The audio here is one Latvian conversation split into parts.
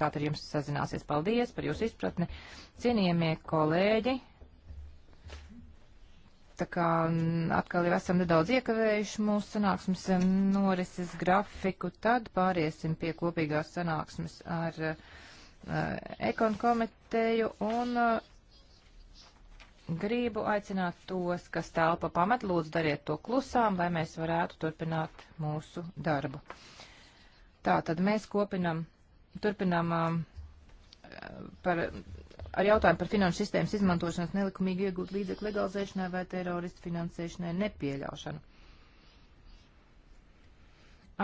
sekretāti ar jums sazināsies. Paldies par jūsu izpratni. Cienījamie kolēģi, tā kā mm, atkal jau esam nedaudz iekavējuši mūsu sanāksmes norises grafiku, tad pāriesim pie kopīgās sanāksmes ar uh, ekon komiteju un uh, gribu aicināt tos, kas telpa pamat, lūdzu dariet to klusām, lai mēs varētu turpināt mūsu darbu. Tā tad mēs kopinam Turpinām um, par, ar jautājumu par finanšu sistēmas izmantošanas nelikumīgi iegūt līdzekļu legalizēšanai vai teroristu finansēšanai nepieļaušanu.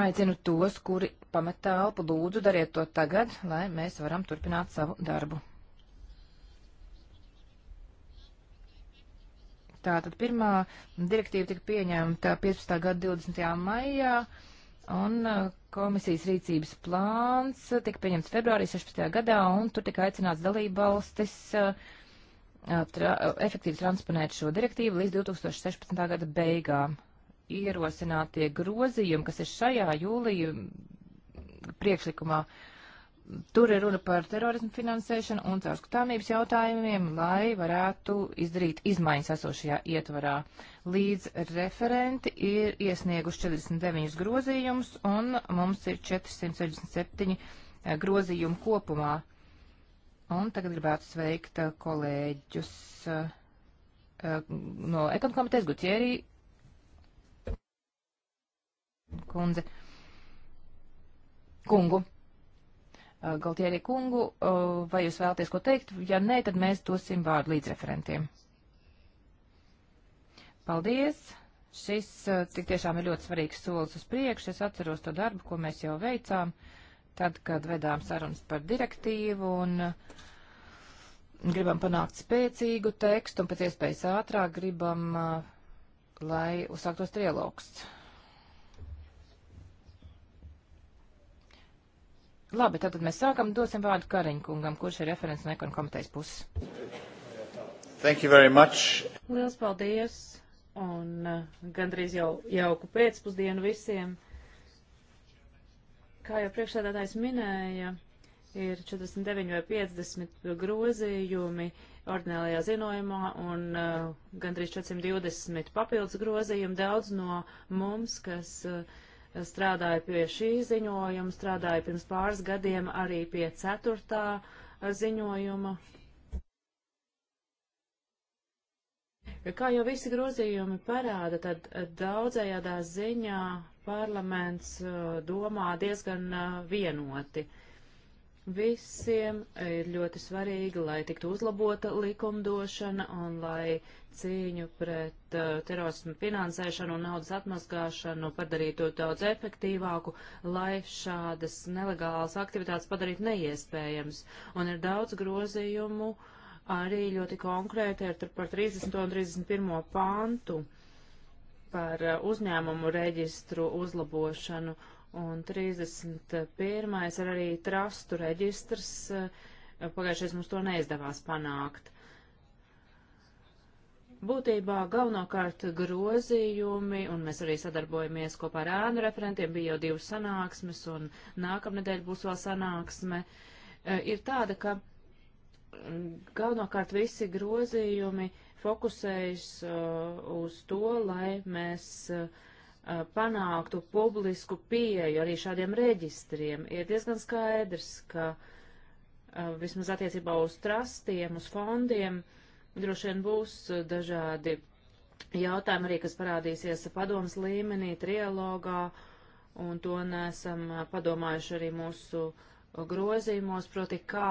Aicinu tos, kuri pamet telpu, lūdzu, dariet to tagad, lai mēs varam turpināt savu darbu. Tātad pirmā direktīva tika pieņemta 15. gada 20. maijā. Un uh, komisijas rīcības plāns uh, tika pieņemts februārī 16. gadā, un tur tika aicināts dalībvalstis uh, tra efektīvi transponēt šo direktīvu līdz 2016. gada beigām. Ierosinātie grozījumi, kas ir šajā jūlija priekšlikumā, uh, Tur ir runa par terorismu finansēšanu un caurskatāmības jautājumiem, lai varētu izdarīt izmaiņas esošajā ietvarā. Līdz referenti ir iesnieguši 49 grozījumus un mums ir 467 eh, grozījumu kopumā. Un tagad gribētu sveikt eh, kolēģus eh, no ekonomikas Gutierī kundze. Kungu. Uh, Galtieri kungu, uh, vai jūs vēlaties ko teikt? Ja nē, tad mēs dosim vārdu līdzreferentiem. Paldies! Šis uh, tik tiešām ir ļoti svarīgs solis uz priekšu. Es atceros to darbu, ko mēs jau veicām, tad, kad vedām sarunas par direktīvu un gribam panākt spēcīgu tekstu un pēc iespējas ātrāk gribam, lai uzsāktos trialogs Labi, tad mēs sākam, dosim vārdu Kariņkungam, kurš ir referents no ekonomikas komitejas puses. Thank you very much. Liels paldies un uh, gandrīz jau jauku pēcpusdienu visiem. Kā jau priekšsēdētājs minēja, ir 49 vai 50 grozījumi ordinālajā zinojumā un uh, gandrīz 420 papildus grozījumi. Daudz no mums, kas uh, strādāju pie šī ziņojuma, strādāju pirms pāris gadiem arī pie ceturtā ziņojuma. Kā jau visi grozījumi parāda, tad daudzējādā ziņā parlaments uh, domā diezgan uh, vienoti. Uh, Visiem ir ļoti svarīgi, lai tiktu uzlabota likumdošana un lai cīņu pret uh, terorismu finansēšanu un naudas atmazgāšanu padarītu daudz efektīvāku, lai šādas nelegālas aktivitātes padarītu neiespējams. Un ir daudz grozījumu arī ļoti konkrēti ar par 30. un 31. pantu par uh, uzņēmumu reģistru uzlabošanu Un 31. ir arī trastu reģistrs. Eh, pagājušais mums to neizdevās panākt. Būtībā galvenokārt grozījumi, un mēs arī sadarbojamies kopā ar ēnu referentiem, bija jau divas sanāksmes, un nākamnedēļ būs vēl sanāksme, eh, ir tāda, ka mm, galvenokārt visi grozījumi fokusējas eh, uz to, lai mēs uh, Eh, panāktu publisku pieeju arī šādiem reģistriem, ir diezgan skaidrs, ka eh, vismaz attiecībā uz trastiem, uz fondiem droši vien būs eh, dažādi jautājumi arī, kas parādīsies padomas līmenī, trialogā, un to nesam padomājuši arī mūsu grozījumos, proti kā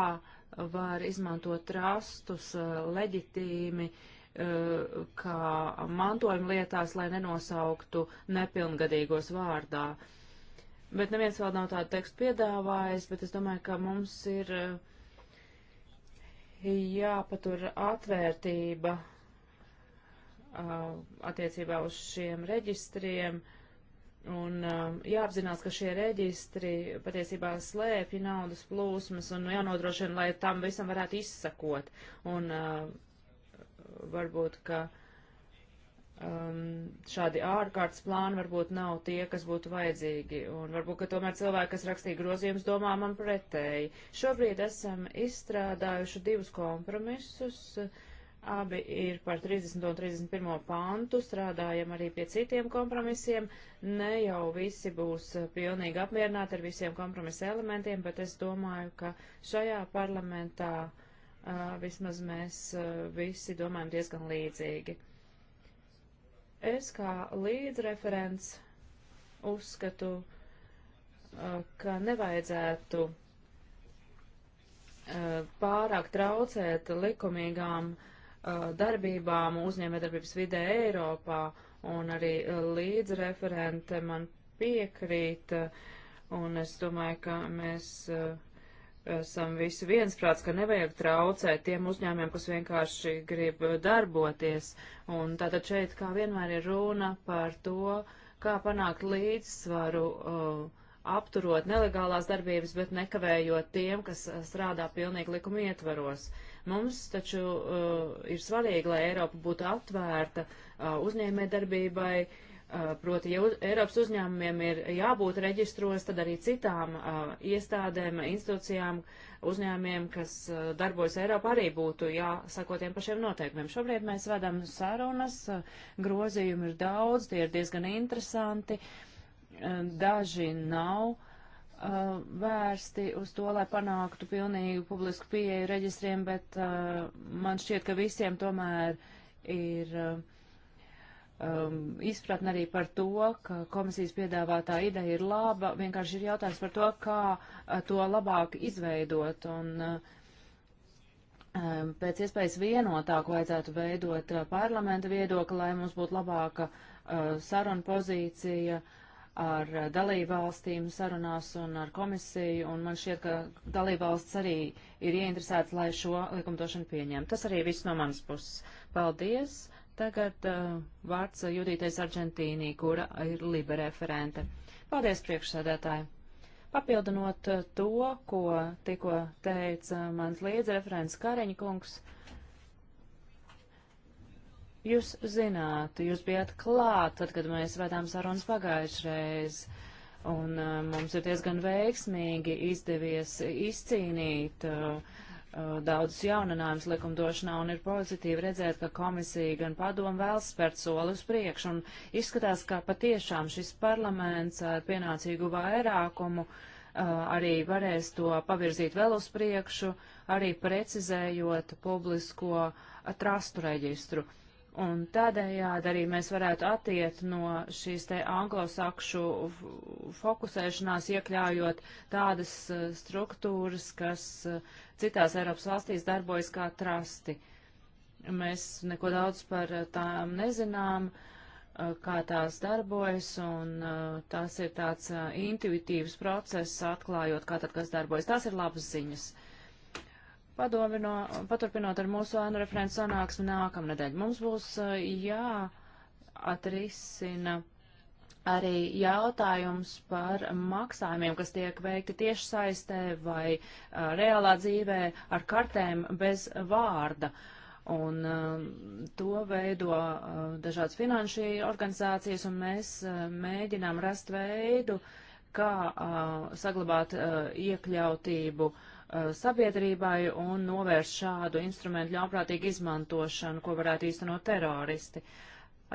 var izmantot trastus leģitīmi uh, Eh, kā mantojuma lietās, lai nenosauktu nepilngadīgos vārdā. Bet neviens vēl nav tādu tekstu piedāvājis, bet es domāju, ka mums ir eh, jāpatur atvērtība eh, attiecībā uz šiem reģistriem. Un um, jāapzinās, ka šie reģistri patiesībā slēpj naudas plūsmas un jānodrošina, lai tam visam varētu izsakot. Un uh, varbūt, ka um, šādi ārkārtas plāni varbūt nav tie, kas būtu vajadzīgi. Un varbūt, ka tomēr cilvēki, kas rakstīja grozījumus, domā man pretēji. Šobrīd esam izstrādājuši divus kompromisus. Abi ir par 30 un 31 pantu, strādājam arī pie citiem kompromisiem. Ne jau visi būs pilnīgi apmierināti ar visiem kompromisa elementiem, bet es domāju, ka šajā parlamentā uh, vismaz mēs visi domājam diezgan līdzīgi. Es kā līdzreferents uzskatu, ka nevajadzētu pārāk traucēt likumīgām darbībām uzņēmējdarbības vidē Eiropā, un arī līdzreferente man piekrīt, un es domāju, ka mēs esam visi viensprāts, ka nevajag traucēt tiem uzņēmiem, kas vienkārši grib darboties. Un tātad šeit, kā vienmēr, ir runa par to, kā panākt līdzsvaru, uh, apturot nelegālās darbības, bet nekavējot tiem, kas uh, strādā pilnīgi likuma ietvaros. Mums taču uh, ir svarīgi, lai Eiropa būtu atvērta uh, uzņēmē darbībai, uh, Uh, proti, ja Eiropas uzņēmumiem ir jābūt reģistros, tad arī citām uh, iestādēm, institūcijām, uzņēmumiem, kas uh, darbojas Eiropā, arī būtu jāsako tiem pašiem noteikumiem. Šobrīd mēs vedam sarunas, grozījumi ir daudz, tie ir diezgan interesanti, daži nav vērsti uz to, lai panāktu pilnīgu publisku pieeju reģistriem, bet man šķiet, ka visiem tomēr ir um, izpratni arī par to, ka komisijas piedāvātā ideja ir laba. Vienkārši ir jautājums par to, kā uh, to labāk izveidot. Un, uh, um, pēc iespējas vienotāk vajadzētu veidot uh, parlamenta viedokli, lai mums būtu labāka uh, saruna pozīcija ar dalībvalstīm sarunās un ar komisiju, un man šķiet, ka dalībvalsts arī ir ieinteresēts, lai šo likumdošanu pieņem. Tas arī viss no manas puses. Paldies! Tagad uh, vārds Judītais Argentīnī, kura ir liba referente. Paldies, priekšsēdētāji! Papildinot uh, to, ko tikko teica mans līdzreferents Kareņa kungs, jūs zināt, jūs bijāt klāt, tad, kad mēs vedām sarunas pagājušreiz, un uh, mums ir diezgan veiksmīgi izdevies izcīnīt uh, Uh, daudzus jauninājumus likumdošanā un ir pozitīvi redzēt, ka komisija gan padomu vēlas spērt soli uz priekšu un izskatās, ka patiešām šis parlaments ar pienācīgu vairākumu uh, arī varēs to pavirzīt vēl uz priekšu, arī precizējot publisko trastu reģistru. Uh, Un tādējādi arī mēs varētu attiet no šīs te anglosakšu fokusēšanās, iekļaujot tādas uh, struktūras, kas uh, citās Eiropas valstīs darbojas kā trasti. Mēs neko daudz par uh, tām nezinām, kā tās darbojas, un tas ir tāds intuitīvs process, atklājot, kā tad kas darbojas. Tās ir labas ziņas. Uh, Padomino, paturpinot ar mūsu ēnu referentu sanāksmi nākamnedēļ, mums būs eh, jāatrisina arī jautājums par maksājumiem, kas tiek veikti tieši saistē vai a, eh, reālā dzīvē ar kartēm bez vārda. Un a, eh, to veido dažādas finanšu organizācijas, un mēs a, mēģinām rast veidu, kā saglabāt iekļautību uh, Uh, sabiedrībai un novērst šādu instrumentu ļaunprātīgu izmantošanu, ko varētu īstenot teroristi.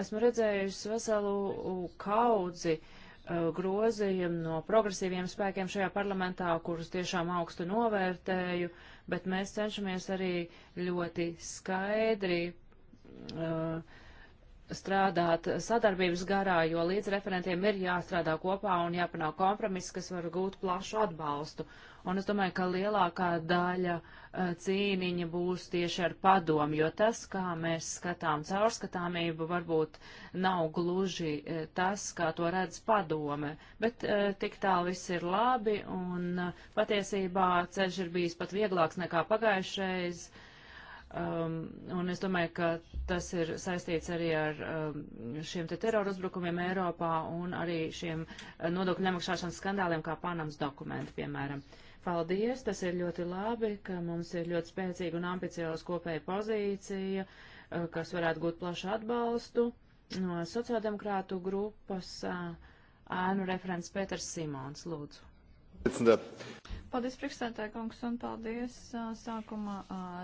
Esmu redzējusi veselu uh, kaudzi uh, grozījumu no progresīviem spēkiem šajā parlamentā, kurus tiešām augstu novērtēju, bet mēs cenšamies arī ļoti skaidri uh, strādāt sadarbības garā, jo līdz referentiem ir jāstrādā kopā un jāpanāk kompromiss, kas var gūt plašu atbalstu. Uh, Un es domāju, ka lielākā daļa eh, cīniņa būs tieši ar padomu, jo tas, kā mēs skatām caurskatāmību, varbūt nav gluži eh, tas, kā to redz padome. Bet eh, tik tālu viss ir labi, un patiesībā ceļš ir bijis pat vieglāks nekā pagājušreiz. Um, un es domāju, ka tas ir saistīts arī ar um, šiem te teroru uzbrukumiem Eiropā un arī šiem nodokļu nemaksāšanas skandāliem kā Panamas dokumenti, piemēram. Uh, Paldies, tas ir ļoti labi, ka mums ir ļoti spēcīga un ambicioza kopēja pozīcija, eh, kas varētu būt plašu atbalstu no sociāldemokrātu grupas eh, ēnu referents Pēters Simons, lūdzu. Paldies, priekšstādāja kungs, un paldies sākumā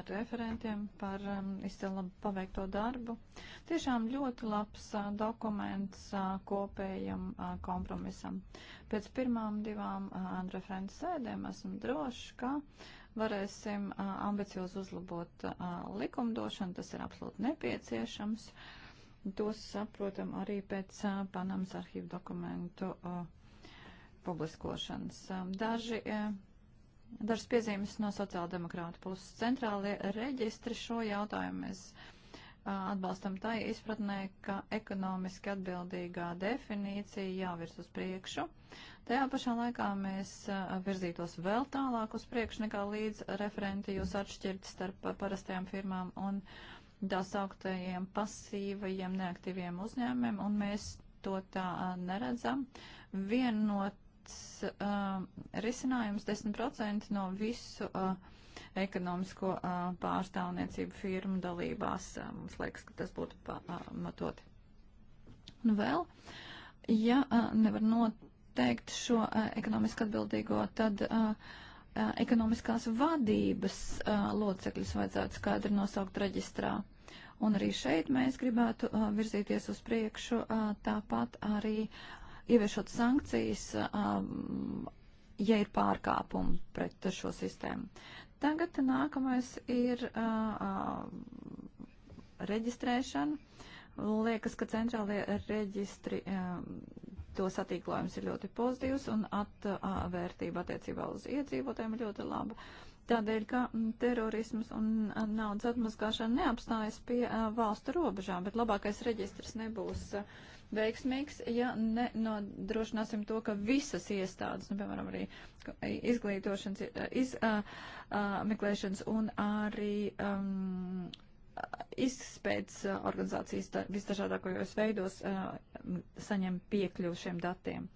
referentiem par izcilu paveikto darbu. Tiešām ļoti labs dokuments kopējam kompromisam. Pēc pirmām divām referentu sēdēm esmu droši, ka varēsim ambiciozi uzlabot likumdošanu, tas ir absolūti nepieciešams. Tos saprotam arī pēc Panamas arhīvu dokumentu publiskošanas. Daži Dažas piezīmes no sociāldemokrāta puses. Centrālie reģistri šo jautājumu mēs atbalstam tai izpratnē, ka ekonomiski atbildīgā definīcija jāvirs uz priekšu. Tajā pašā laikā mēs virzītos vēl tālāk uz priekšu nekā līdz referenti jūs atšķirt starp parastajām firmām un tā sauktajiem pasīvajiem neaktīviem uzņēmumiem, un mēs to tā neredzam. Vienot cits uh, risinājums - 10% no visu uh, ekonomisko uh, pārstāvniecību firmu dalībās. Uh, mums liekas, ka tas būtu pamatoti. Un nu vēl, ja uh, nevar noteikt šo uh, ekonomiski atbildīgo, tad. Uh, Ekonomiskās vadības uh, locekļus vajadzētu skaidri nosaukt reģistrā. Un arī šeit mēs gribētu uh, virzīties uz priekšu, uh, tāpat arī ieviešot sankcijas, um, ja ir pārkāpumi pret šo sistēmu. Tagad nākamais ir uh, uh, reģistrēšana. Liekas, ka centrālie reģistri, uh, to satīklojums ir ļoti pozitīvs un atvērtība uh, attiecībā uz iedzīvotēm ir ļoti laba. Tādēļ, ka mm, terorisms un uh, naudas atmaskāšana neapstājas pie uh, valstu robežām, bet labākais reģistrs nebūs. Uh, veiksmīgs, ja nenodrošināsim to, ka visas iestādes, nu, piemēram, arī izglītošanas, izmeklēšanas un arī um, izspējas organizācijas visdažādākajos veidos uh, saņem piekļuvu šiem datiem.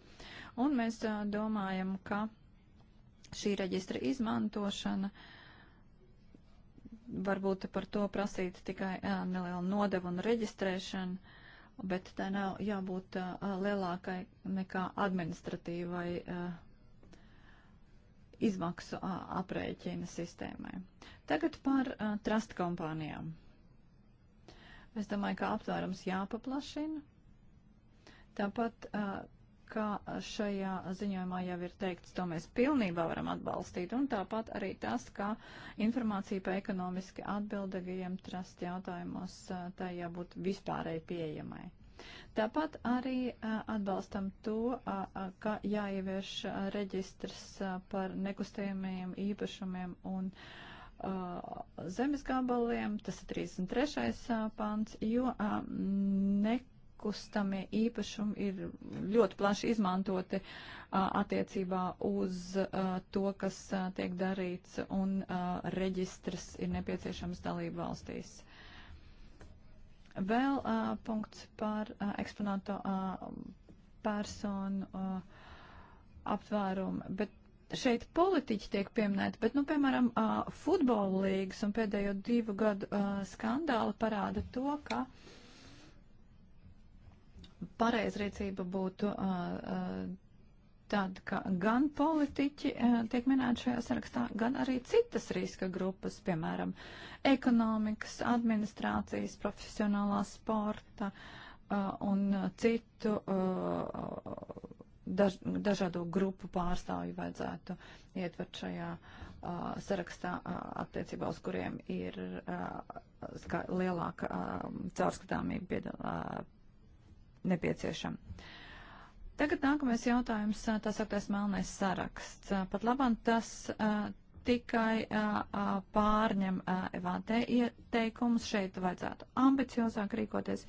Un mēs uh, domājam, ka šī reģistra izmantošana varbūt par to prasīt tikai uh, nelielu nodevu un reģistrēšanu bet tai nav jābūt uh, lielākai nekā administratīvai uh, izmaksu uh, aprēķina sistēmai. Tagad par uh, trust kompānijām. Es domāju, ka aptvērums jāpaplašina. Tāpat uh, kā šajā ziņojumā jau ir teikts, to mēs pilnībā varam atbalstīt. Un tāpat arī tas, kā informācija par ekonomiski atbildīgajiem trust jautājumos tā jābūt vispārēji pieejamai. Tāpat arī atbalstam to, ka jāievieš reģistrs par nekustajumiem īpašumiem un zemes gabaliem, tas ir 33. pants, jo ne nekustamie īpašumi ir ļoti plaši izmantoti attiecībā uz to, kas tiek darīts, un reģistrs ir nepieciešams dalību valstīs. Vēl uh, punkts par uh, eksponāto uh, personu uh, aptvērumu, bet šeit politiķi tiek pieminēti, bet, nu, piemēram, uh, futbola līgas un pēdējo divu gadu uh, skandāli parāda to, ka uh, pareizrīcība būtu uh, uh, tāda, ka gan politiķi uh, tiek minēti šajā sarakstā, gan arī citas riska grupas, piemēram, ekonomikas, administrācijas, profesionālā sporta un citu daž, dažādo grupu pārstāvju vajadzētu ietvert šajā sarakstā, attiecībā uz kuriem ir lielāka caurskatāmība nepieciešama. Tagad nākamais jautājums, tā sauktais melnais saraksts. Pat labam tas tikai pārņem EVT ieteikumus, šeit vajadzētu ambiciozāk rīkoties.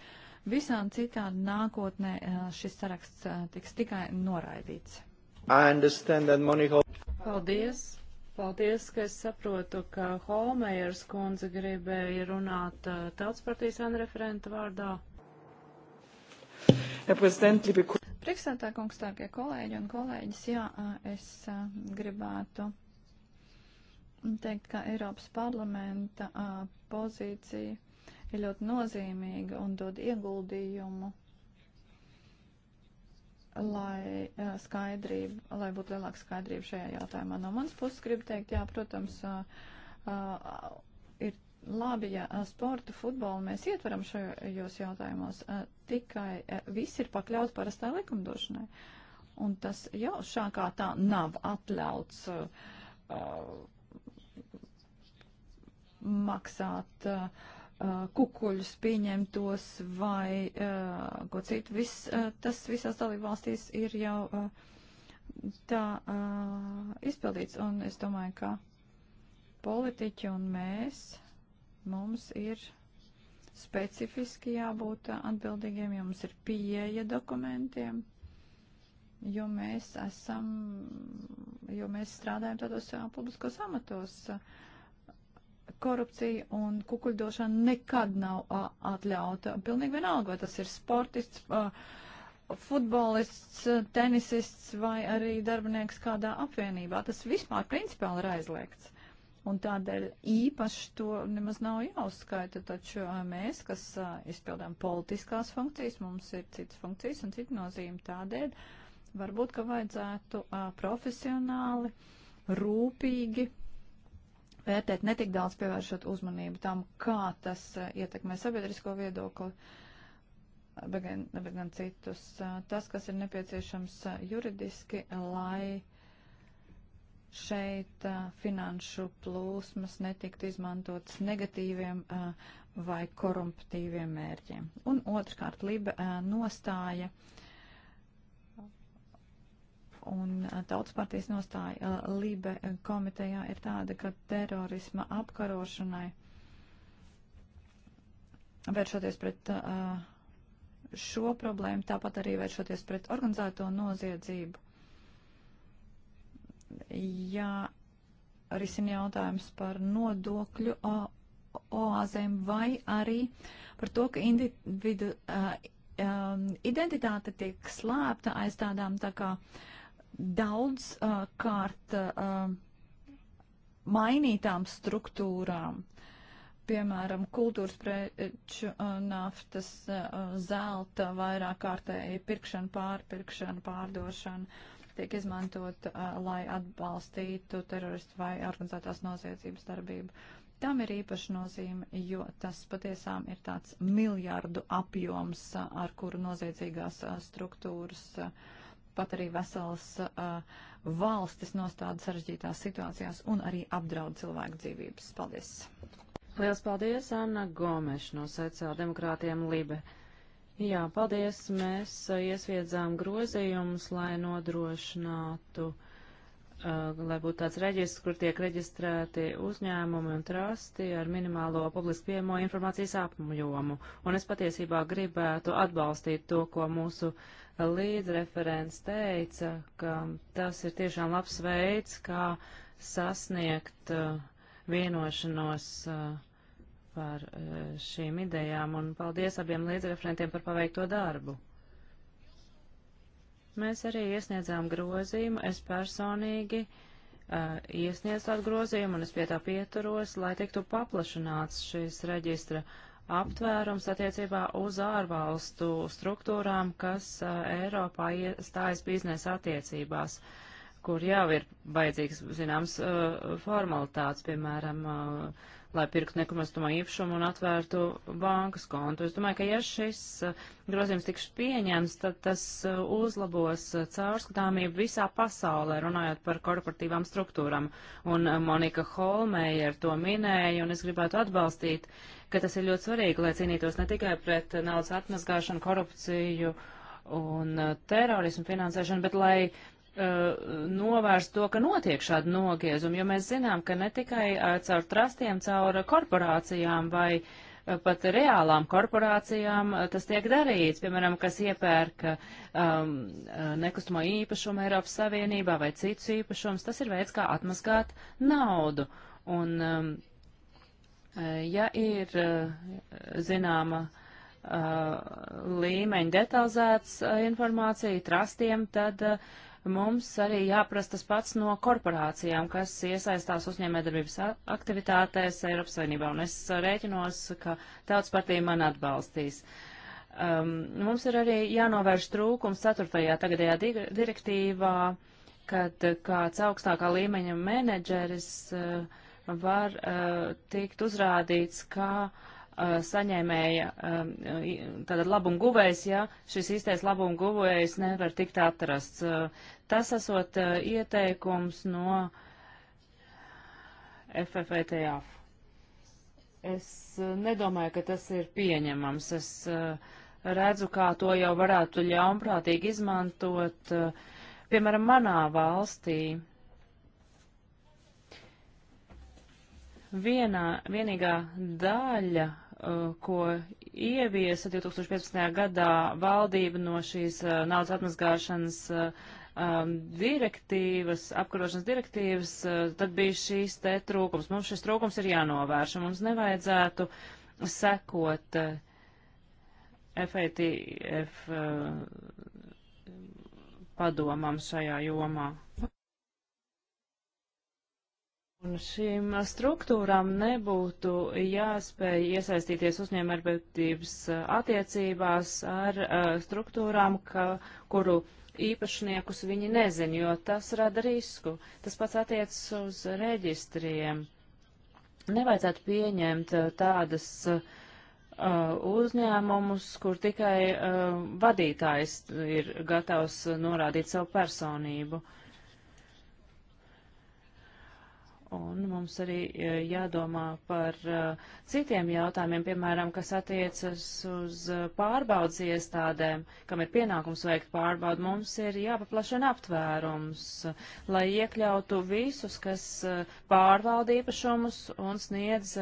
Visām citādi nākotnē šis saraksts tiks tikai noraidīts. Paldies! Paldies, ka es saprotu, ka Holmejers kundze gribēja runāt tautspartijas anreferenta vārdā. Herr Präsident, liebe Priekšstādā kungs, tākie kolēģi un kolēģis, jā, es gribētu teikt, ka Eiropas parlamenta pozīcija ir ļoti nozīmīga un dod ieguldījumu, lai skaidrība, lai būtu lielāka skaidrība šajā jautājumā. No manas puses gribu teikt, jā, protams, ir labi, ja sportu, futbolu mēs ietveram šajos jautājumos, tikai e, viss ir pakļauts parastai likumdošanai. Un tas jau šā kā tā nav atļauts uh, maksāt uh, kukuļus pieņemtos vai uh, ko citu. Vis, uh, tas visās dalībvalstīs ir jau uh, tā uh, izpildīts. Un es domāju, ka politiķi un mēs, mums ir specifiski jābūt atbildīgiem, jo mums ir pieeja dokumentiem, jo mēs esam, jo mēs strādājam tādos uh, publiskos amatos. Korupcija un kukuļdošana nekad nav a, uh, atļauta. Pilnīgi vienalga, vai tas ir sportists, a, uh, futbolists, tenisists vai arī darbinieks kādā apvienībā. Tas vispār principiāli ir aizliegts. Un tādēļ īpaši to nemaz nav jāuzskaita, taču mēs, kas izpildām politiskās funkcijas, mums ir citas funkcijas un cita nozīme tādēļ, varbūt, ka vajadzētu a, profesionāli, rūpīgi vērtēt, netik daudz pievēršot uzmanību tam, kā tas a, ietekmē sabiedrisko viedokli, bet gan citus. A, tas, kas ir nepieciešams juridiski, lai šeit uh, finanšu plūsmas netiktu izmantotas negatīviem uh, vai korumptīviem mērķiem. Un otrkārt, liba uh, nostāja un tautas partijas nostāja libe komitejā ir tāda, ka terorisma apkarošanai vēršoties pret šo problēmu, tāpat arī vēršoties pret organizēto noziedzību jārisina jautājums par nodokļu o, oāzēm vai arī par to, ka individu uh, um, identitāte tiek slēpta aiz tādām tā kā daudz uh, kārt uh, mainītām struktūrām. Piemēram, kultūras preču, uh, naftas, uh, zelta, vairāk kārtēji pirkšana, pārpirkšana, pārdošana. Uh, tiek izmantota, lai atbalstītu teroristu vai organizētās noziedzības darbību. Tam ir īpaša nozīme, jo tas patiesām ir tāds miljardu apjoms, ar kuru noziedzīgās struktūras, pat arī veselas valstis nostāda sarežģītās situācijās un arī apdraud cilvēku dzīvības. Paldies! Liels paldies, Anna Gomeša no sociāldemokrātiem Libe. Jā, paldies. Mēs uh, iesviedzām grozījumus, lai nodrošinātu, uh, lai būtu tāds reģistrs, kur tiek reģistrēti uzņēmumi un trasti ar minimālo publiski pieejamo informācijas apjomu. Un es patiesībā gribētu atbalstīt to, ko mūsu līdzreferents teica, ka tas ir tiešām labs veids, kā sasniegt uh, vienošanos uh, par eh, šīm idejām un paldies abiem līdzreferentiem par paveikto darbu. Mēs arī iesniedzām grozījumu. Es personīgi uh, iesniedzu tādu grozījumu un es pie tā pieturos, lai tiktu paplašināts šīs reģistra aptvērums attiecībā uz ārvalstu struktūrām, kas uh, Eiropā iestājas biznesa attiecībās. Uh, kur jau ir vajadzīgs, zināms, uh, formalitātes, piemēram, uh, lai pirktu nekumestamo īpašumu un atvērtu bankas kontu. Es domāju, ka ja šis uh, grozījums tiks pieņems, tad tas uzlabos caurskatāmību visā pasaulē, runājot par korporatīvām struktūram. Un Monika Holmēja ar to minēja, un es gribētu atbalstīt, ka tas ir ļoti svarīgi, lai cīnītos ne tikai pret naudas atmazgāšanu, korupciju un terorismu finansēšanu, bet lai Uh, novērst to, ka notiek šādi nogriezumi, jo mēs zinām, ka ne tikai uh, caur trastiem, caur korporācijām vai uh, pat reālām korporācijām tas tiek darīts, piemēram, kas iepērk um, nekustamo īpašumu Eiropas Savienībā vai citus īpašumus, tas ir veids, kā atmaskāt naudu. Un, um, ja ir zināma uh, līmeņa detalizēts uh, informācija trastiem, tad uh, mums arī jāprast tas pats no korporācijām, kas iesaistās uzņēmēdarbības aktivitātēs Eiropas Savienībā, un es rēķinos, ka tautas partija man atbalstīs. Um, mums ir arī jānovērš trūkums 4. tagadējā di direktīvā, kad kāds augstākā līmeņa menedžeris uh, var uh, tikt uzrādīts, kā uh, Uh, saņēmēja, um, tātad labumu guvējs, ja šis īstais labumu guvējs nevar tikt atrasts. Uh, tas esot uh, ieteikums no FFETF. E es nedomāju, ka tas ir pieņemams. Es redzu, kā to jau varētu ļaunprātīgi izmantot, piemēram, manā valstī vienā, vienīgā daļa, uh, ko ieviesa 2015. gadā valdība no šīs uh, naudas atmazgāšanas uh, um, direktīvas, apkarošanas direktīvas, tad bija šīs te trūkums. Mums šis trūkums ir jānovērš, un mums nevajadzētu sekot FATF padomam šajā jomā. Un šīm struktūrām nebūtu jāspēj iesaistīties uzņēmērbētības uh, attiecībās ar uh, struktūrām, ka, kuru īpašniekus viņi nezin, jo tas rada risku. Tas pats attiecas uz reģistriem. Nevajadzētu pieņemt uh, tādas uh, uzņēmumus, kur tikai uh, vadītājs ir gatavs norādīt savu personību. Uh, Un mums arī e, jādomā par e, citiem jautājumiem, piemēram, kas attiecas uz e, pārbaudas iestādēm, kam ir pienākums veikt pārbaudu. Mums ir jāpaplašina aptvērums, lai iekļautu visus, kas pārvalda īpašumus un sniedz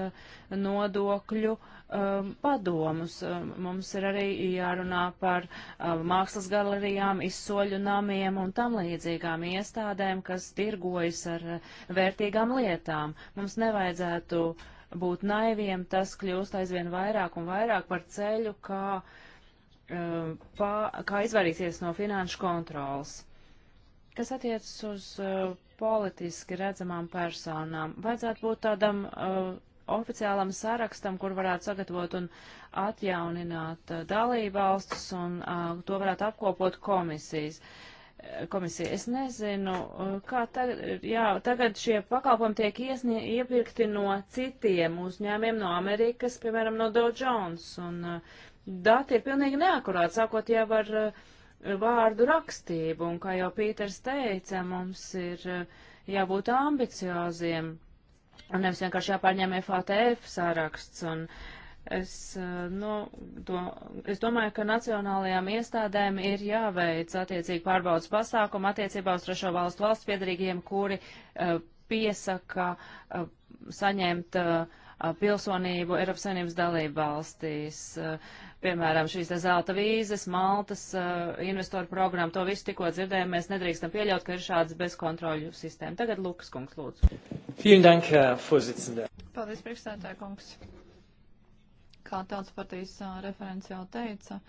nodokļu uh, um, padomus. Um, mums ir arī jārunā par um, mākslas galerijām, izsoļu namiem un tam līdzīgām iestādēm, kas tirgojas ar uh, vērtīgām lietām. Mums nevajadzētu būt naiviem, tas kļūst aizvien vairāk un vairāk par ceļu, kā, uh, um, pā, kā izvairīties no finanšu kontrolas. Kas attiecas uz uh, politiski redzamām personām, vajadzētu būt tādam uh, oficiālam sarakstam, kur varētu sagatavot un atjaunināt dalībvalstus, un uh, to varētu apkopot komisijas. Komisija. Es nezinu, kā tagad, jā, tagad šie pakalpojumi tiek iesnie, iepirkti no citiem uzņēmiem, no Amerikas, piemēram, no Dow Jones, un uh, dati ir pilnīgi neakurāti, sākot jau ar uh, vārdu rakstību, un kā jau Pīters teica, mums ir uh, jābūt ambicioziem un nevis vienkārši jāpārņem FATF sāraksts. Un es, nu, do, es domāju, ka nacionālajām iestādēm ir jāveic attiecīgi pārbaudas pasākumu attiecībā uz trešo valstu valsts piedarīgiem, kuri uh, piesaka uh, saņemt uh, pilsonību Eiropas Savienības dalību valstīs. Piemēram, šīs zelta vīzes, Maltas investoru programma, to visu tikko dzirdējām, mēs nedrīkstam pieļaut, ka ir šādas bezkontroļu sistēma. Tagad Lukas kungs lūdzu. Dank, Paldies, priekšstādātāja kungs. Kā tāds partijas referents jau teica,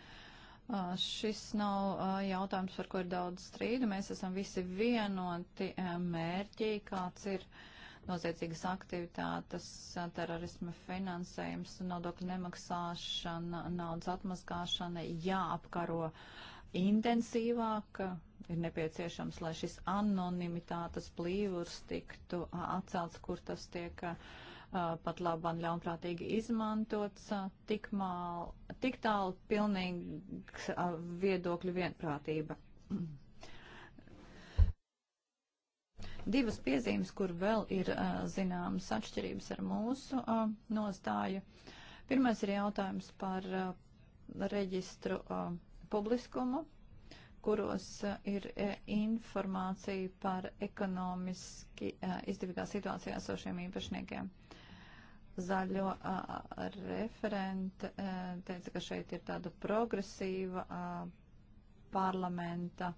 šis nav jautājums, par ko ir daudz strīdu. Mēs esam visi vienoti mērķī, kāds ir. Uh, noziedzīgas aktivitātes, terorisma finansējums, nodokļu nemaksāšana, naudas atmazgāšana jāapkaro intensīvāk. Ir nepieciešams, lai šis anonimitātes plīvurs tiktu atcelts, kur tas tiek pat labāk ļaunprātīgi izmantots, tik, mal, tik tālu pilnīgs viedokļu vienprātība. divas piezīmes, kur vēl ir uh, zināmas atšķirības ar mūsu uh, nostāju. Pirmais ir jautājums par uh, reģistru uh, publiskumu, kuros uh, ir uh, informācija par ekonomiski uh, izdevīgā situācijā esošiem īpašniekiem. Zaļo uh, referente uh, teica, ka šeit ir tāda progresīva uh, parlamenta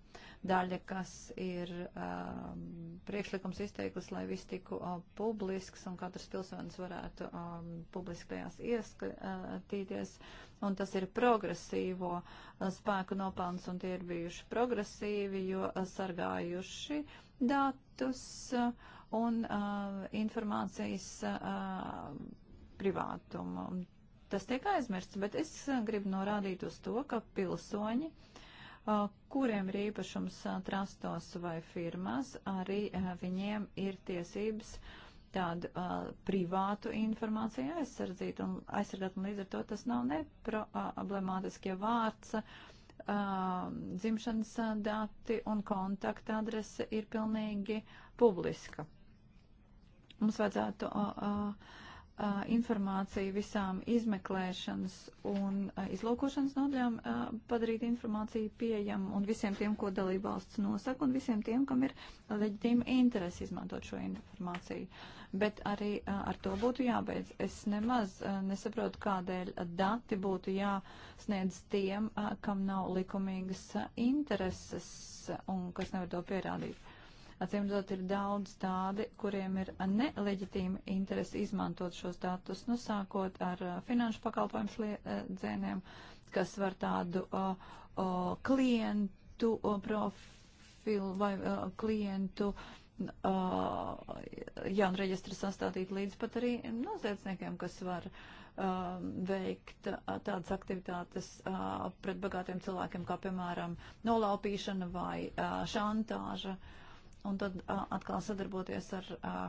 daļa, kas ir um, priekšlikums izteiklis, lai viss tiku uh, publisks un katrs pilsonis varētu um, publiski tajās ieskatīties. Un tas ir progresīvo uh, spēku nopelns, un tie ir bijuši progresīvi, jo uh, sargājuši datus uh, un uh, informācijas uh, privātumu. Tas tiek aizmirsts, bet es uh, gribu norādīt uz to, ka pilsoņi uh, kuriem ir īpašums trastos vai firmās, arī viņiem ir tiesības tādu uh, privātu informāciju aizsardzīt un aizsargāt, un līdz ar to tas nav neproblemātiski, ja vārds, uh, dzimšanas dati un kontakta adrese ir pilnīgi publiska. Mums vajadzētu uh, uh, uh, informāciju visām izmeklēšanas un uh, izlūkošanas nodaļām, uh, padarīt informāciju pieejamu un visiem tiem, ko dalībvalsts nosaka, un visiem tiem, kam ir leģitīma interese izmantot šo informāciju. Bet arī uh, ar to būtu jābeidz. Es nemaz uh, nesaprotu, kādēļ dati būtu jāsniedz tiem, uh, kam nav likumīgas uh, intereses un kas nevar to pierādīt. Atcīmredzot, ir daudz tādi, kuriem ir neleģitīma interese izmantot šos datus, nu sākot ar uh, finanšu pakalpojumu sliedzēniem, uh, kas var tādu uh, uh, klientu uh, profilu vai uh, klientu uh, uh, jaunu reģistru sastādīt līdz pat arī noziedzniekiem, kas var uh, veikt uh, tādas aktivitātes uh, pret bagātiem cilvēkiem, kā piemēram nolaupīšana vai uh, šantāža. Uh, un tad uh, atkal sadarboties ar uh,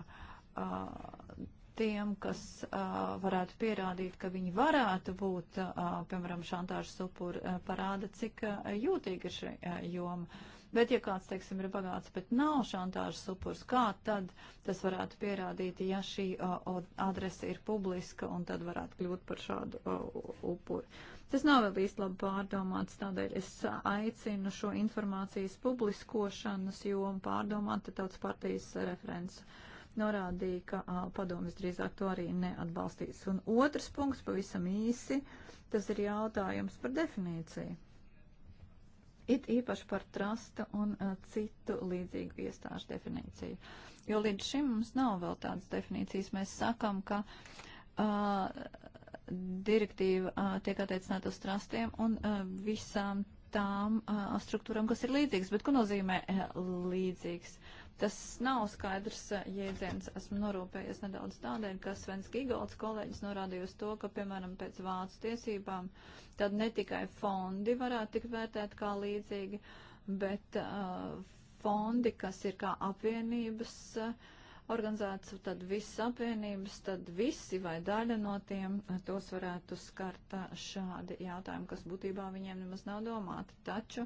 uh, tiem, kas uh, varētu pierādīt, ka viņi varētu būt, uh, piemēram, šantāžas upuri, uh, parāda, cik uh, jūtīga ir šī uh, joma. Bet, ja kāds, teiksim, ir bagāts, bet nav šantāžas upurs, kā tad tas varētu pierādīt, ja šī uh, adrese ir publiska un tad varētu kļūt par šādu uh, upuri? Tas nav vēl īsti labi pārdomāts, tādēļ es aicinu šo informācijas publiskošanas jomu pārdomāt, tad tautas partijas referents norādīja, ka a, padomis drīzāk to arī neatbalstīs. Un otrs punkts, pavisam īsi, tas ir jautājums par definīciju. It īpaši par trasta un a, citu līdzīgu iestāžu definīciju. Jo līdz šim mums nav vēl tādas definīcijas. Mēs sakam, ka a, direktīva a, tiek attiecināta uz trastiem un a, visām tām a, struktūram, kas ir līdzīgas. Bet ko nozīmē līdzīgs? Tas nav skaidrs jēdziens. Esmu norūpējies nedaudz tādēļ, ka Svens Gigolds kolēģis norādīja uz to, ka, piemēram, pēc vācu tiesībām tad ne tikai fondi varētu tikt vērtēt kā līdzīgi, bet uh, fondi, kas ir kā apvienības. Uh, organizēts, tad visas apvienības, tad visi vai daļa no tiem eh, tos varētu skart eh, šādi jautājumi, kas būtībā viņiem nemaz nav domāti. Taču,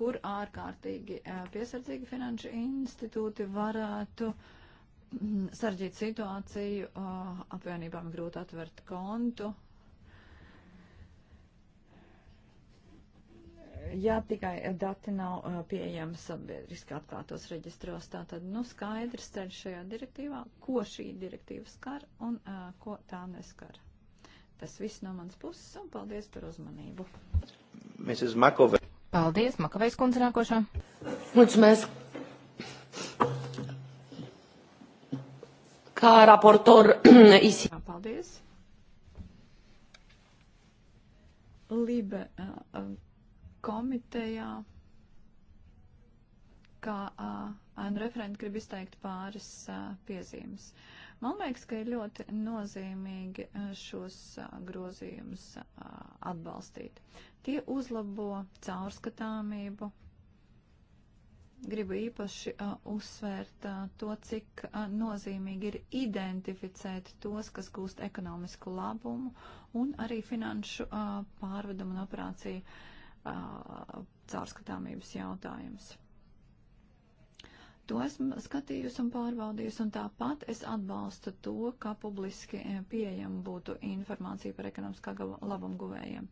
kur ārkārtīgi eh, piesardzīgi finanšu institūti varētu mm, sarģīt situāciju, oh, apvienībām grūti atvert kontu, ja tikai dati nav uh, pieejami sabiedriski atklātos reģistros, tā tad nu, skaidrs ceļš šajā direktīvā, ko šī direktīva skar un uh, ko tā neskar. Tas viss no manas puses, un paldies par uzmanību. Mrs. Makove. Paldies, Makavejs kundze nākošā. Mulțumesc. Kā raportor isi. Paldies. Libe. Uh, uh, komitejā, kā ēnu referenti grib izteikt pāris a, piezīmes. Man liekas, ka ir ļoti nozīmīgi šos a, grozījumus a, atbalstīt. Tie uzlabo caurskatāmību. Gribu īpaši uh, uzsvērt uh, to, cik uh, nozīmīgi ir identificēt tos, kas gūst ekonomisku labumu un arī finanšu uh, pārvedumu un operāciju uh, uh, caurskatāmības jautājums. To esmu skatījusi un pārbaudījusi, un tāpat es atbalstu to, ka publiski pieejama būtu informācija par ekonomiskā labumguvējiem.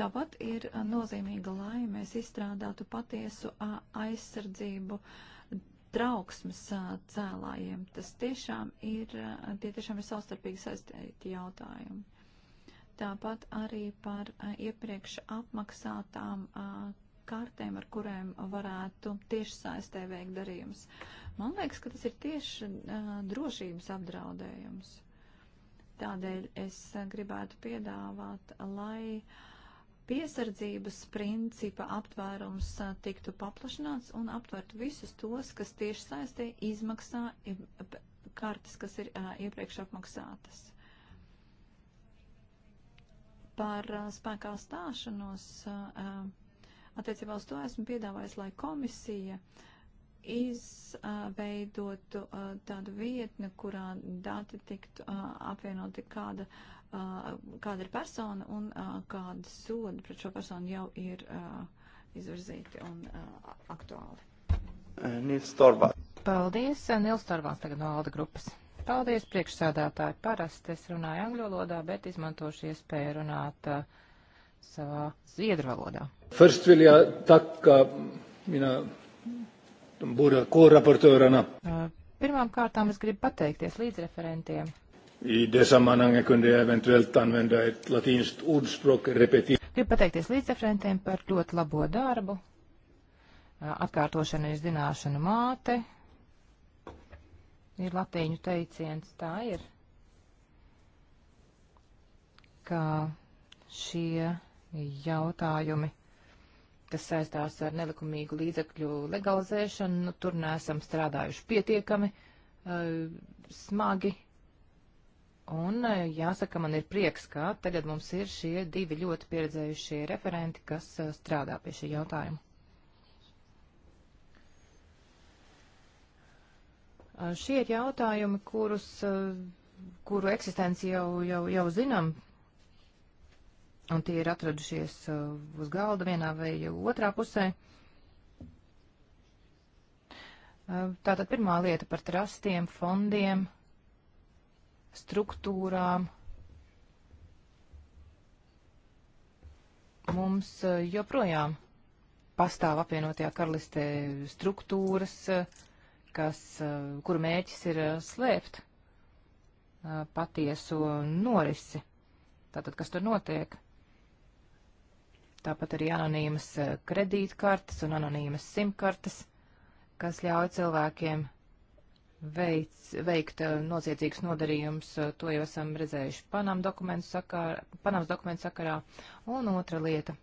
Tāpat ir nozīmīga, lai mēs izstrādātu patiesu aizsardzību trauksmes cēlājiem. Tas tiešām ir, tie tiešām ir savstarpīgi saistīti jautājumi. Tāpat arī par iepriekš apmaksātām kartēm, ar kurām varētu tieši saistē veikt darījumus. Man liekas, ka tas ir tieši drošības apdraudējums. Tādēļ es gribētu piedāvāt, lai piesardzības principa aptvērums tiktu paplašināts un aptvert visus tos, kas tieši saistē izmaksā kartes, kas ir iepriekš apmaksātas. Par spēkā stāšanos attiecībā uz to esmu piedāvājis, lai komisija izveidotu tādu vietni, kurā dati tiktu apvienoti kāda kāda ir persona un uh, kāda soda pret šo personu jau ir uh, izvirzīti un uh, aktuāli. Nils Torvalds. Paldies, Nils Torvalds tagad no Alda grupas. Paldies, priekšsādātāji. Parasti es runāju angļu valodā, bet izmantošu iespēju runāt uh, savā zviedru valodā. First, Vilja, tā kā minā būra koraportērana. Uh, pirmām kārtām es gribu pateikties līdzreferentiem. I det sammanhanget kunde jag eventuellt använda ett latinskt ordspråk repetit. Gribu pateikties līdzreferentiem par ļoti labo darbu. Uh, atkārtošana ir zināšanu māte, ir latīņu teiciens, tā ir, ka šie jautājumi, kas saistās ar nelikumīgu līdzekļu legalizēšanu, nu, tur nesam strādājuši pietiekami uh, smagi. Un uh, jāsaka, man ir prieks, ka tagad mums ir šie divi ļoti pieredzējušie referenti, kas uh, strādā pie šī jautājuma. Šie ir jautājumi, kurus, kuru eksistenci jau, jau, jau zinām, un tie ir atradušies uz galda vienā vai otrā pusē. Tātad pirmā lieta par trastiem, fondiem, struktūrām. Mums joprojām pastāv apvienotajā karalistē struktūras, uh, kas, eh, kuru mērķis ir eh, slēpt eh, patieso norisi, tātad, kas tur notiek. Tāpat arī anonīmas kredītkartes un anonīmas simkartes, kas ļauj cilvēkiem veic, veikt noziedzīgus nodarījumus. To jau esam redzējuši Panam dokumentu sakarā, Panams dokumentu sakarā. Un otra lieta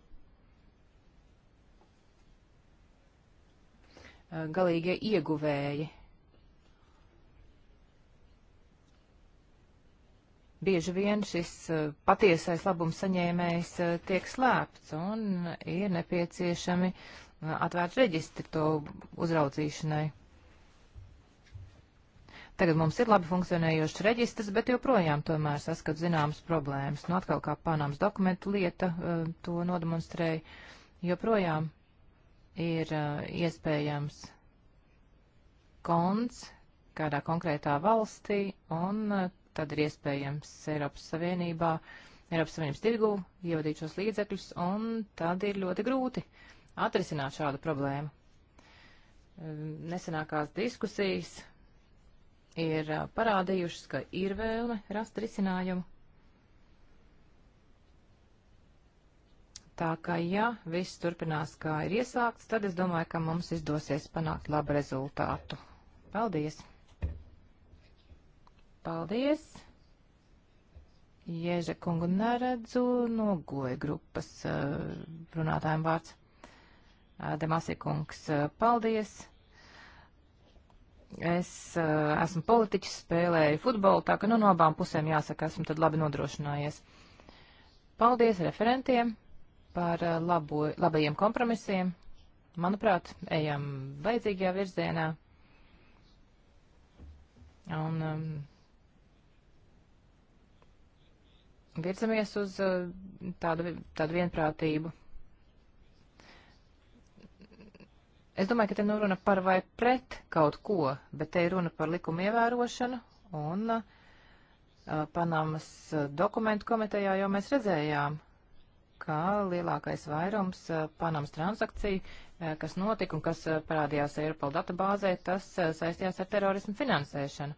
Uh, galīgie ieguvēji. Bieži vien šis uh, patiesais labums saņēmējs uh, tiek slēpts un ir nepieciešami atvērt reģistri to uzraudzīšanai. Tagad mums ir labi funkcionējošs reģistrs, bet joprojām tomēr saskat zināmas problēmas. Nu, atkal kā panāms dokumentu lieta to nodemonstrēja. Joprojām ir uh, iespējams konts kādā konkrētā valstī, un uh, tad ir iespējams Eiropas Savienībā, Eiropas Savienības tirgū ievadīt šos līdzekļus, un tad ir ļoti grūti atrisināt šādu problēmu. Um, nesenākās diskusijas ir uh, parādījušas, ka ir vēlme rast risinājumu, Tā kā, ja viss turpinās, kā ir iesākts, tad es domāju, ka mums izdosies panākt labu rezultātu. Paldies! Paldies! Ježa kungu neredzu no goja grupas eh, runātājiem vārds. Eh, Demasi kungs, eh, paldies! Es esmu politiķis, spēlēju futbolu, tā ka nu no abām pusēm jāsaka, esmu tad labi nodrošinājies. Paldies referentiem! par eh, labo, labajiem kompromisiem. Manuprāt, ejam vajadzīgajā virzienā. Un um, virzamies uz uh, tādu, tādu vienprātību. Es domāju, ka te nav nu runa par vai pret kaut ko, bet te ir runa par likumu ievērošanu un uh, Panamas dokumentu komitejā jau mēs redzējām, ka lielākais vairums eh, Panamas transakciju, eh, kas notika un kas eh, parādījās Eiropal databāzē, tas saistījās ar terorismu finansēšanu.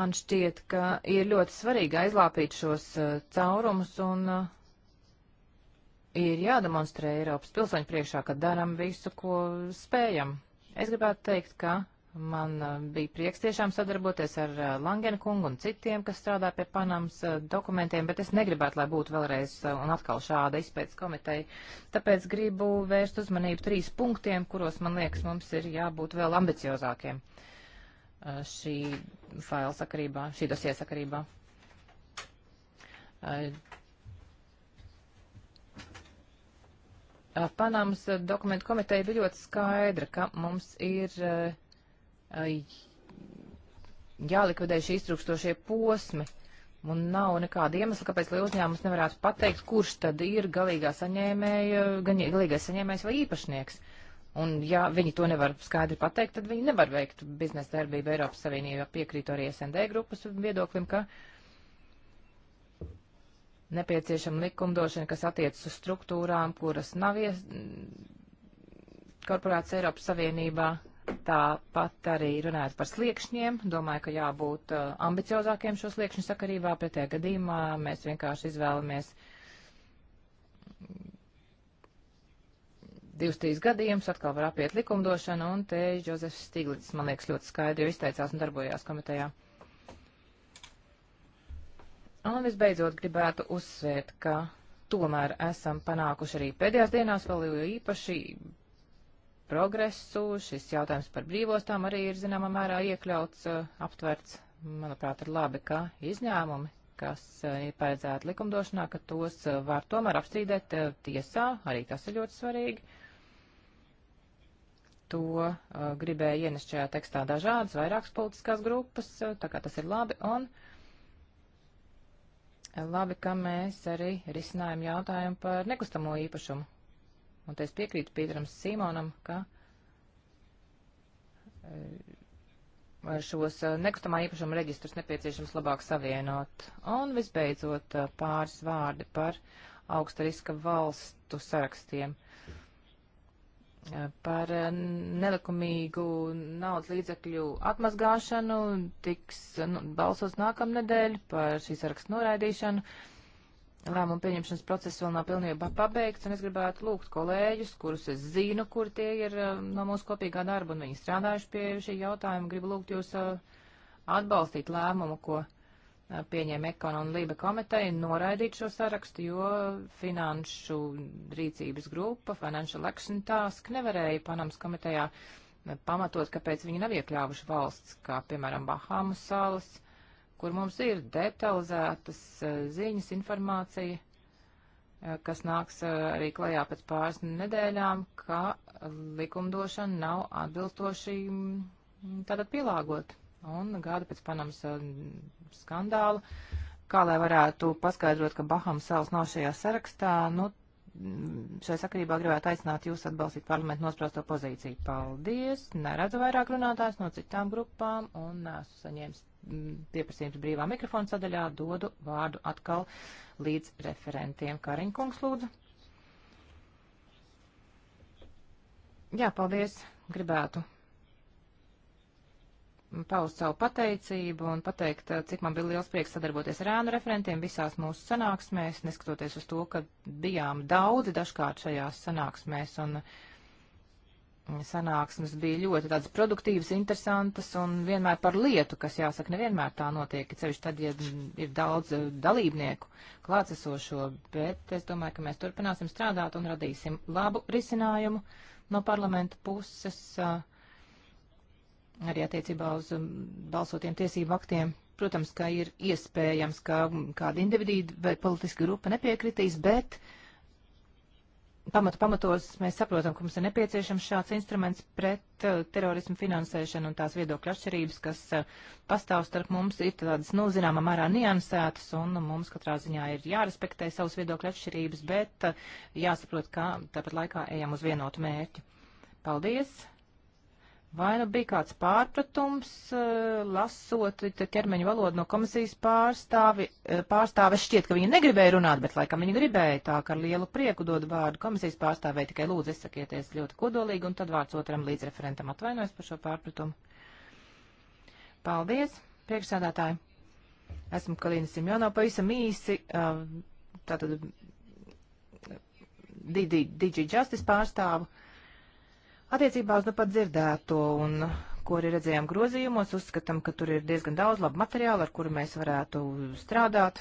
Man šķiet, ka ir ļoti svarīgi aizlāpīt šos caurumus un ir jādemonstrē Eiropas pilsoņu priekšā, ka daram visu, ko spējam. Es gribētu teikt, ka Man uh, bija prieks tiešām sadarboties ar uh, Langena kungu un citiem, kas strādā pie Panamas uh, dokumentiem, bet es negribētu, lai būtu vēlreiz un atkal šāda izpētes komiteja. Tāpēc gribu vērst uzmanību trīs punktiem, kuros, man liekas, mums ir jābūt vēl ambiciozākiem šī faila sakarībā, šī dosie sakarībā. Panamas dokumentu komiteja bija ļoti skaidra, ka mums ir jālikvidē šī iztrukstošie posmi. Un nav nekāda iemesla, kāpēc liela uzņēmums nevarētu pateikt, kurš tad ir galīgā saņēmēja, galīgais saņēmējs vai īpašnieks. Un ja viņi to nevar skaidri pateikt, tad viņi nevar veikt biznesa darbību Eiropas Savienībā. Piekrītu arī SND grupas viedoklim, ka nepieciešama likumdošana, kas attiecas uz struktūrām, kuras nav ies... korporāts Eiropas Savienībā, Tāpat arī runājot par sliekšņiem, domāju, ka jābūt uh, ambiciozākiem šo sliekšņu sakarībā, pretējā gadījumā mēs vienkārši izvēlamies divus, trīs gadījumus, atkal var apiet likumdošanu, un te Jozefs Stiglits, man liekas, ļoti skaidri jau izteicās un darbojās komitejā. Un visbeidzot gribētu uzsvērt, ka tomēr esam panākuši arī pēdējās dienās vēl īpaši progresu. Šis jautājums par brīvostām arī ir zināmā mērā iekļauts, uh, aptverts. Manuprāt, ir labi, ka izņēmumi, kas uh, ir paredzēti likumdošanā, ka tos uh, var tomēr apstrīdēt tiesā, arī tas ir ļoti svarīgi. To gribēja ienest šajā tekstā dažādas, vairākas politiskās grupas, tā kā tas ir labi. Un, Labi, ka mēs arī risinājam jautājumu par nekustamo īpašumu. Un te es piekrītu Pīteram Simonam, ka e, šos e, nekustamā īpašuma reģistrus nepieciešams labāk savienot. Un visbeidzot e, pāris vārdi par augsta riska valstu sarakstiem. Par nelikumīgu naudas līdzekļu atmazgāšanu tiks nu, balsos nākamnedēļ par šī saraksta noraidīšanu. Uh, lēmumu pieņemšanas process vēl nav pilnībā pabeigts, un es gribētu lūgt kolēģus, kurus es zinu, kur tie ir eh, no mūsu kopīgā darba, un viņi strādājuši pie šī jautājuma, gribu lūgt jūs eh, atbalstīt lēmumu, ko eh, pieņēma Ekona un Lība komiteja, noraidīt šo sarakstu, jo finanšu rīcības grupa, Financial Action Task, nevarēja Panamas komitejā pamatot, kāpēc viņi nav iekļāvuši valsts, kā piemēram Bahamu salas, uh, kur mums ir detalizētas eh, ziņas, informācija, eh, kas nāks eh, arī klajā pēc pāris nedēļām, ka likumdošana nav atbilstoši mm, tātad pielāgot. Un gada pēc Panamas skandāla, kā lai varētu paskaidrot, ka Bahamas salas nav šajā sarakstā, nu, mm, šai sakarībā gribētu aicināt jūs atbalstīt parlamentu nospraustu pozīciju. Paldies! Neredzu vairāk runātājs no citām grupām un nesu saņēmis pieprasījums brīvā mikrofona sadaļā dodu vārdu atkal līdz referentiem. Kariņkungs lūdzu. Jā, paldies. Gribētu paust savu pateicību un pateikt, cik man bija liels prieks sadarboties ar ēnu referentiem visās mūsu sanāksmēs, neskatoties uz to, ka bijām daudzi dažkārt šajās sanāksmēs. Un, uh, sanāksmes bija ļoti tādas produktīvas, interesantas un vienmēr par lietu, kas jāsaka, nevienmēr tā notiek, cevišķi tad, ja ir daudz eh, dalībnieku klātesošo, bet es domāju, ka mēs turpināsim strādāt un radīsim labu risinājumu no parlamenta puses eh, arī attiecībā uz um, balsotiem tiesību aktiem. Protams, ka ir iespējams, ka kāda individu vai politiska grupa nepiekritīs, bet uh, pamatu pamatos mēs saprotam, ka mums ir nepieciešams šāds instruments pret uh, terorismu finansēšanu un tās viedokļu atšķirības, kas uh, pastāv starp mums, ir tādas, nu, zināmā mērā niansētas, un mums katrā ziņā ir jārespektē savas viedokļu atšķirības, bet uh, jāsaprot, ka tāpat laikā ejam uz vienotu mērķi. Paldies! Vai nu bija kāds pārpratums, eh, lasot ķermeņa valodu no komisijas pārstāvi, eh, pārstāve šķiet, ka viņa negribēja runāt, bet laikam viņa gribēja tā, ka ar lielu prieku dod vārdu komisijas pārstāvē, tikai lūdzu izsakieties ļoti kodolīgi un tad vārds otram līdzreferentam atvainojas par šo pārpratumu. Paldies, priekšsēdētāji. Esmu Kalīna Simjonā pavisam īsi, eh, tātad Digi Justice pārstāvu. Attiecībā uz nu pat dzirdēto un ko arī redzējām grozījumos, uzskatām, ka tur ir diezgan daudz labu materiālu, ar kuru mēs varētu strādāt.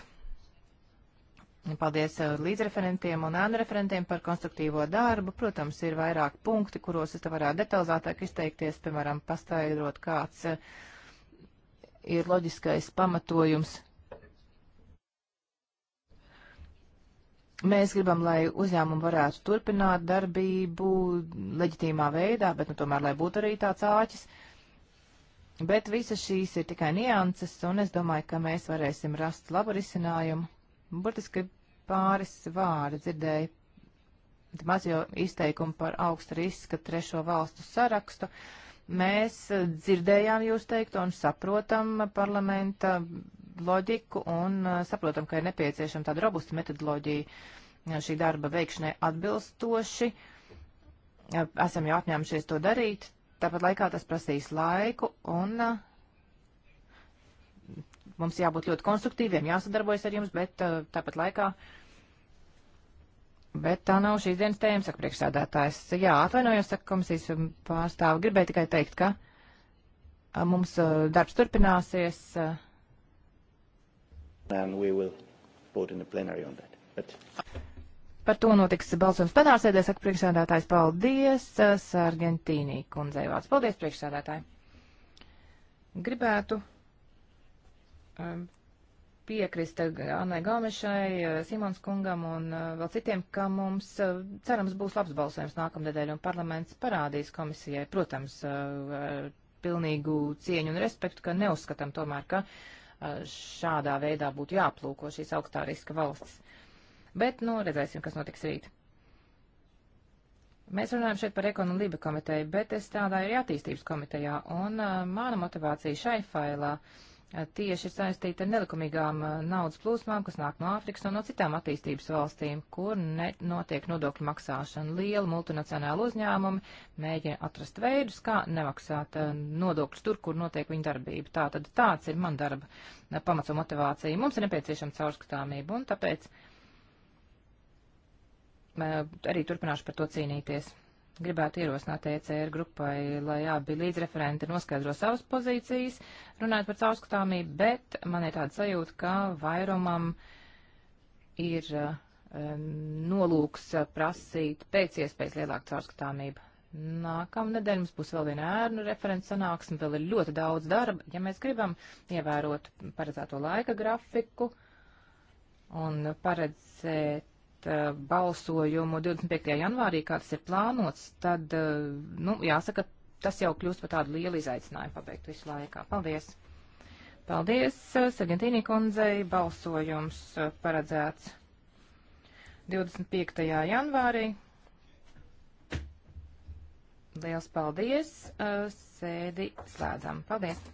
Paldies eh, līdzreferentiem un ēnu referentiem par konstruktīvo darbu. Protams, ir vairāk punkti, kuros es te varētu detalizētāk izteikties, piemēram, pastaidrot, kāds eh, ir loģiskais pamatojums Mēs gribam, lai uzņēmumi varētu turpināt darbību leģitīmā veidā, bet nu, tomēr, lai būtu arī tāds āķis. Bet visas šīs ir tikai nianses, un es domāju, ka mēs varēsim rast labu risinājumu. Burtiski pāris vārdi dzirdēju mazo izteikumu par augsta riska trešo valstu sarakstu. Mēs dzirdējām jūs teikto un saprotam parlamenta metodoloģiku un uh, saprotam, ka ir nepieciešama tāda robusta metodoloģija šī darba veikšanai atbilstoši. Esam jau apņēmušies to darīt, tāpat laikā tas prasīs laiku un uh, mums jābūt ļoti konstruktīviem, jāsadarbojas ar jums, bet uh, tāpat laikā. Bet tā nav šīs dienas tēma, saka priekšsēdētājs. Jā, atvainojos, saka komisijas pārstāvi. Gribēju tikai teikt, ka mums darbs turpināsies. But... Par to notiks balsojums plenārsēdē, saka priekšsēdētājs. Paldies, Sargentīnī kundzei vārds. Paldies, priekšsēdētāji. Gribētu um, piekrist Annai Galmešai, Simons kungam un uh, vēl citiem, ka mums uh, cerams būs labs balsojums nākamnedēļ un parlaments parādīs komisijai, protams, uh, ar pilnīgu cieņu un respektu, ka neuzskatām tomēr, ka uh, šādā veidā būtu jāplūko šīs augstā riska valstis. Bet, nu, redzēsim, kas notiks rīt. Mēs runājam šeit par ekonomiku Liba komiteju, bet es strādāju arī attīstības komitejā, un uh, mana motivācija šai failā uh, tieši ir saistīta ar nelikumīgām naudas plūsmām, kas nāk no Āfrikas un no citām attīstības valstīm, kur nenotiek nodokļu maksāšana. Liela multinacionāla uzņēmumi mēģina atrast veidus, kā nemaksāt nodokļus tur, kur notiek viņa darbība. Tā tad tāds ir man darba pamats un motivācija. Mums ir nepieciešama caurskatāmība un tāpēc arī turpināšu par to cīnīties gribētu ierosināt ECR grupai, lai abi līdzreferenti noskaidro savas pozīcijas, runājot par caurskatāmību, bet man ir tāda sajūta, ka vairumam ir uh, nolūks eh, prasīt pēc iespējas lielāku caurskatāmību. Nākamnedēļ mums būs vēl viena ērnu referents sanāksme, vēl ir ļoti daudz darba, ja mēs gribam ievērot paredzēto laika grafiku un paredzēt uh, balsojumu 25. janvārī, kā tas ir plānots, tad, uh, nu, jāsaka, tas jau kļūst par tādu lielu izaicinājumu pabeigt visu laikā. Paldies! Paldies, eh, Sargentīnī kundzei, balsojums paredzēts 25. janvārī. Liels paldies, sēdi slēdzam. Paldies!